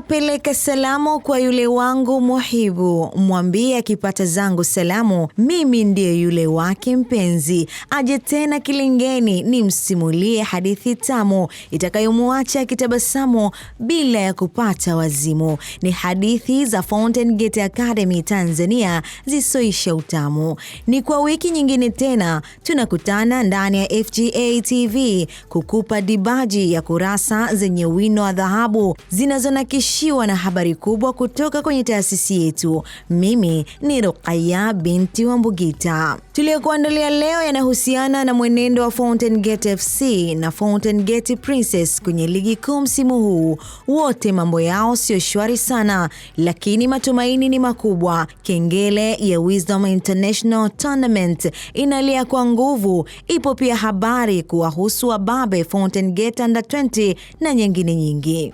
peleka salamu kwa yule wangu muhibu, mwambie akipata zangu salamu, mimi ndiye yule wake mpenzi. Aje tena kilingeni, nimsimulie hadithi tamu itakayomwacha akitabasamu bila ya kupata wazimu. Ni hadithi za Fountain Gate Academy Tanzania zisoisha utamu. Ni kwa wiki nyingine tena tunakutana ndani ya FGA TV kukupa dibaji ya kurasa zenye wino wa dhahabu zinazonakisha tumezungushiwa na habari kubwa kutoka kwenye taasisi yetu. Mimi ni Ruqaya binti wa Mbugita. Tuliyokuandalia leo yanahusiana na mwenendo wa Fountain Gate FC na Fountain Gate Princess kwenye ligi kuu msimu huu. Wote mambo yao sio shwari sana, lakini matumaini ni makubwa. Kengele ya Wisdom International Tournament inalia kwa nguvu. Ipo pia habari kuwahusu Wababe Fountain Gate Under 20 na nyingine nyingi.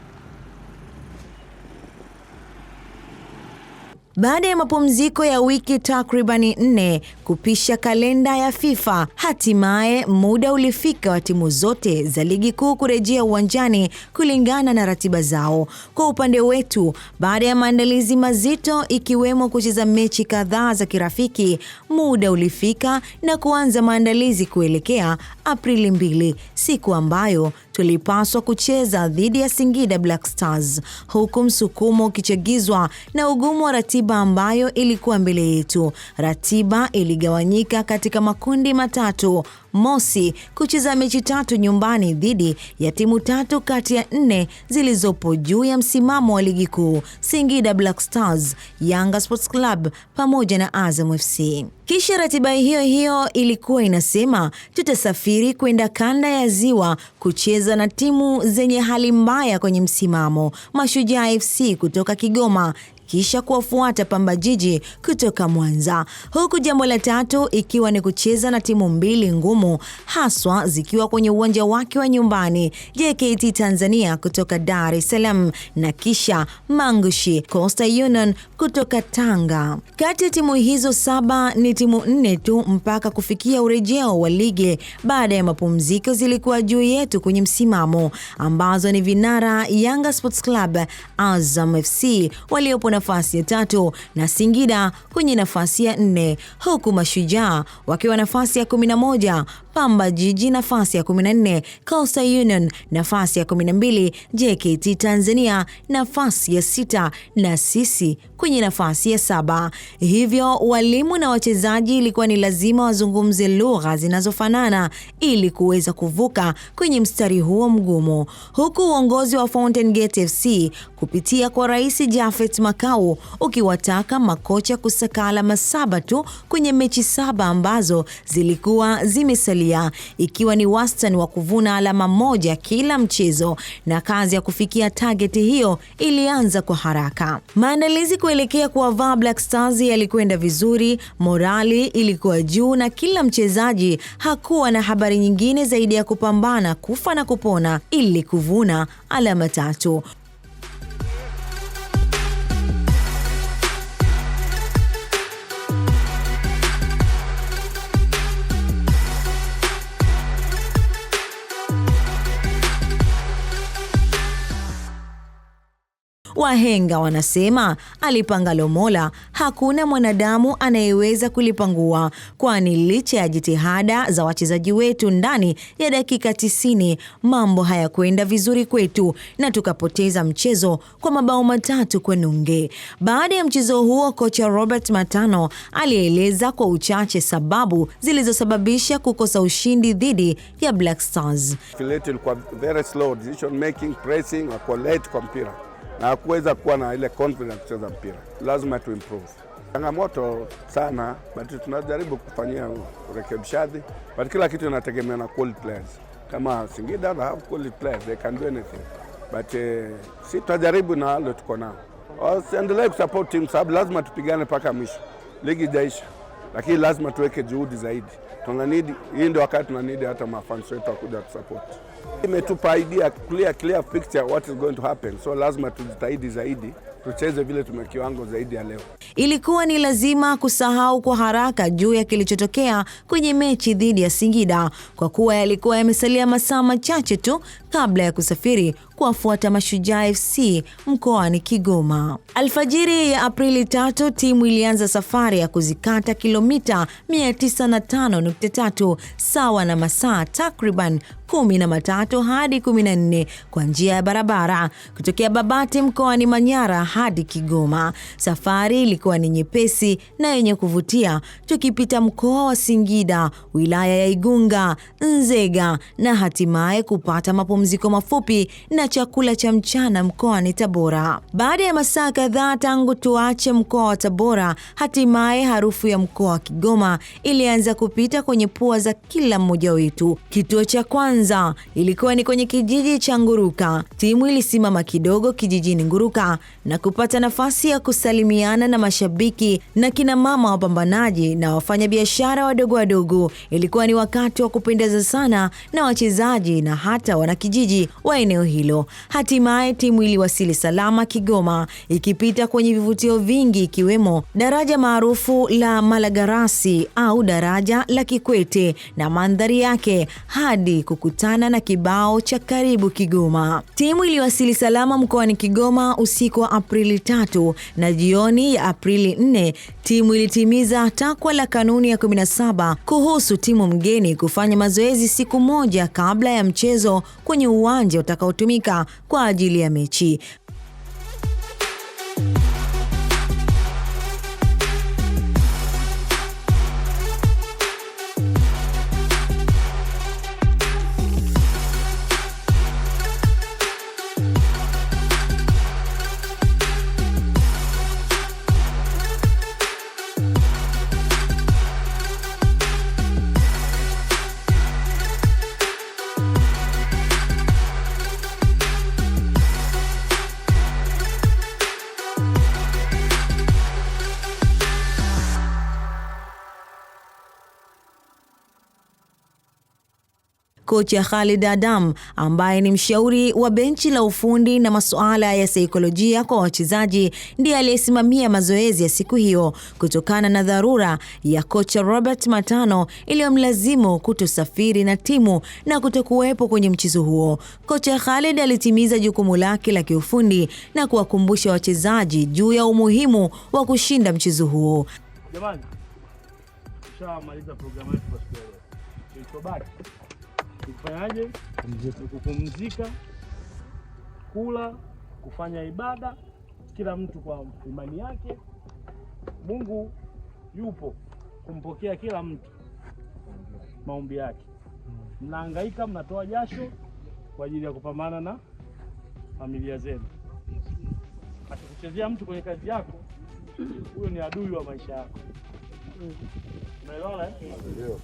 Baada ya mapumziko ya wiki takribani nne kupisha kalenda ya FIFA, hatimaye muda ulifika wa timu zote za ligi kuu kurejea uwanjani kulingana na ratiba zao. Kwa upande wetu, baada ya maandalizi mazito ikiwemo kucheza mechi kadhaa za kirafiki, muda ulifika na kuanza maandalizi kuelekea Aprili mbili, siku ambayo tulipaswa kucheza dhidi ya Singida Black Stars, huku msukumo ukichagizwa na ugumu wa ratiba ambayo ilikuwa mbele yetu. Ratiba iligawanyika katika makundi matatu Mosi, kucheza mechi tatu nyumbani dhidi ya timu tatu kati ya nne zilizopo juu ya msimamo wa ligi kuu, Singida Black Stars, Yanga Sports Club pamoja na Azam FC. Kisha ratiba hiyo hiyo ilikuwa inasema tutasafiri kwenda kanda ya Ziwa kucheza na timu zenye hali mbaya kwenye msimamo, Mashujaa FC kutoka Kigoma, kisha kuwafuata Pamba Jiji kutoka Mwanza, huku jambo la tatu ikiwa ni kucheza na timu mbili ngumu haswa zikiwa kwenye uwanja wake wa nyumbani JKT Tanzania kutoka Dar es Salaam na kisha Mangushi Coastal Union kutoka Tanga. Kati ya timu hizo saba ni timu nne tu mpaka kufikia urejeo wa ligi baada ya mapumziko zilikuwa juu yetu kwenye msimamo ambazo ni vinara Yanga Sports Club, Azam FC waliopo nafasi ya tatu na Singida kwenye nafasi ya nne huku Mashujaa wakiwa nafasi ya 11 Pamba Jiji nafasi ya 14, Coastal Union nafasi ya 12, JKT Tanzania nafasi ya sita na sisi kwenye nafasi ya saba. Hivyo walimu na wachezaji ilikuwa ni lazima wazungumze lugha zinazofanana ili kuweza kuvuka kwenye mstari huo mgumu, huku uongozi wa Fountain Gate FC kupitia kwa Rais Jafet Makau ukiwataka makocha kusakala masaba tu kwenye mechi saba ambazo zilikuwa zimesalia. Zambia, ikiwa ni wastani wa kuvuna alama moja kila mchezo, na kazi ya kufikia tageti hiyo ilianza kwa haraka. Maandalizi kuelekea kuwavaa Black Stars yalikwenda vizuri, morali ilikuwa juu na kila mchezaji hakuwa na habari nyingine zaidi ya kupambana kufa na kupona ili kuvuna alama tatu. Wahenga wanasema alipangalo Mola hakuna mwanadamu anayeweza kulipangua, kwani licha ya jitihada za wachezaji wetu, ndani ya dakika 90 mambo hayakwenda vizuri kwetu na tukapoteza mchezo kwa mabao matatu kwa nunge. Baada ya mchezo huo, kocha Robert Matano alieleza kwa uchache sababu zilizosababisha kukosa ushindi dhidi ya Black Stars. Ilikuwa very slow decision making, pressing, wako late kwa mpira na kuweza kuwa na ile confidence ya kucheza mpira, lazima tu improve. Changamoto sana, but tunajaribu kufanyia urekebishaji, but kila kitu inategemea na quality players. Kama Singida na have quality players, they can do anything, but uh, si tutajaribu na wale tuko nao, oh, endelee kusupport team sababu lazima tupigane mpaka mwisho, ligi jaisha. lakini lazima tuweke juhudi zaidi tunanidi hii ndio wakati tunanidi hata mafans wetu wakuja kusupport. Imetupa idea clear, clear picture what is going to happen, so lazima tujitahidi zaidi tucheze vile tumekiwango zaidi ya leo. Ilikuwa ni lazima kusahau kwa haraka juu ya kilichotokea kwenye mechi dhidi ya Singida kwa kuwa yalikuwa yamesalia masaa machache tu kabla ya kusafiri kuwafuata Mashujaa FC mkoani Kigoma. Alfajiri ya Aprili tatu timu ilianza safari ya kuzikata kilomita 953 sawa na masaa takriban kumi na matatu hadi kumi na nne kwa njia ya barabara kutokea Babati mkoani Manyara hadi Kigoma. Safari ilikuwa ni nyepesi na yenye kuvutia, tukipita mkoa wa Singida, wilaya ya Igunga, Nzega na hatimaye kupata mapumziko mapumziko mafupi na chakula cha mchana mkoani Tabora. Baada ya masaa kadhaa tangu tuache mkoa wa Tabora, hatimaye harufu ya mkoa wa Kigoma ilianza kupita kwenye pua za kila mmoja wetu. Kituo cha kwanza ilikuwa ni kwenye kijiji cha Nguruka. Timu ilisimama kidogo kijijini Nguruka na kupata nafasi ya kusalimiana na mashabiki na kina mama wapambanaji na wafanyabiashara wadogo wadogo. Ilikuwa ni wakati wa kupendeza sana na wachezaji na hata wanaki kijiji wa eneo hilo. Hatimaye timu iliwasili salama Kigoma, ikipita kwenye vivutio vingi ikiwemo daraja maarufu la Malagarasi au daraja la Kikwete na mandhari yake hadi kukutana na kibao cha karibu Kigoma. Timu iliwasili salama mkoani Kigoma usiku wa Aprili tatu na jioni ya Aprili 4 timu ilitimiza takwa la kanuni ya 17 kuhusu timu mgeni kufanya mazoezi siku moja kabla ya mchezo kwenye kwenye uwanja utakaotumika kwa ajili ya mechi. kocha Khalid Adam ambaye ni mshauri wa benchi la ufundi na masuala ya saikolojia kwa wachezaji ndiye aliyesimamia mazoezi ya siku hiyo kutokana na dharura ya kocha Robert Matano iliyomlazimu kutosafiri na timu na kutokuwepo kwenye mchezo huo. Kocha Khalid alitimiza jukumu lake la kiufundi na kuwakumbusha wachezaji juu ya umuhimu wa kushinda mchezo huo. Jamani, tushamaliza programu yetu kwa siku ya leo kufanyaje, kupumzika, kula, kufanya ibada, kila mtu kwa imani yake. Mungu yupo kumpokea kila mtu maombi yake. Mnahangaika, mnatoa jasho kwa ajili ya kupambana na familia zenu. Akikuchezea mtu kwenye kazi yako, huyo ni adui wa maisha yako. Unaelewana? Eh? Ndio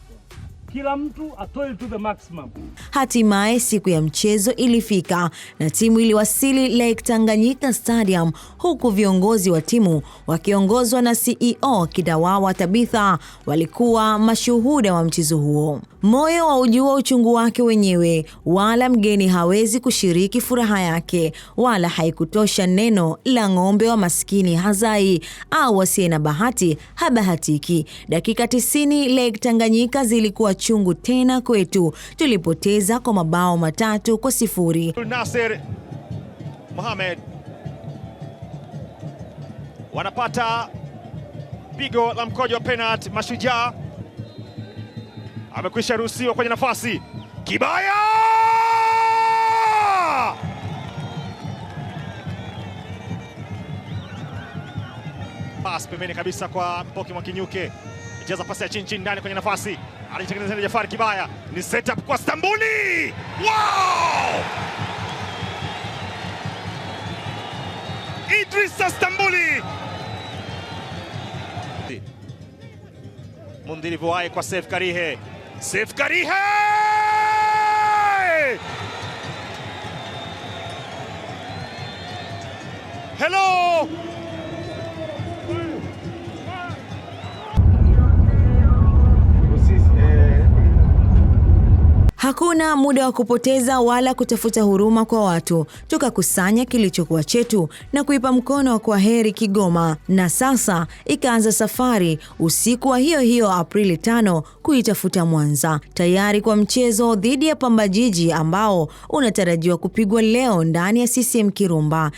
kila mtu atoe to the maximum. Hatimaye siku ya mchezo ilifika na timu iliwasili Lake Tanganyika Stadium, huku viongozi wa timu wakiongozwa na CEO Kidawawa Tabitha walikuwa mashuhuda wa mchezo huo. Moyo waujua uchungu wake wenyewe, wala mgeni hawezi kushiriki furaha yake, wala haikutosha neno la ng'ombe wa maskini hazai, au wasiye na bahati habahatiki. Dakika tisini Lake Tanganyika zilikuwa chungu tena kwetu, tulipoteza kwa mabao matatu kwa sifuri. Nasir Mohamed wanapata pigo la mkojo wa penalti Mashujaa amekwisha ruhusiwa kwenye nafasi. Kibaya pas pembeni kabisa kwa Mpoki Mwakinyuke, cheza pasi ya chini chini ndani kwenye nafasi, alitengeneza Jafari Kibaya, ni setup kwa Stambuli. Wow! Idrisa Stambuli Mundiri kwa Sef Karihe safe करी है hello Hakuna muda wa kupoteza wala kutafuta huruma kwa watu, tukakusanya kilichokuwa chetu na kuipa mkono wa kwa heri Kigoma, na sasa ikaanza safari usiku wa hiyo hiyo Aprili tano kuitafuta Mwanza, tayari kwa mchezo dhidi ya Pamba Jiji ambao unatarajiwa kupigwa leo ndani ya CCM Kirumba.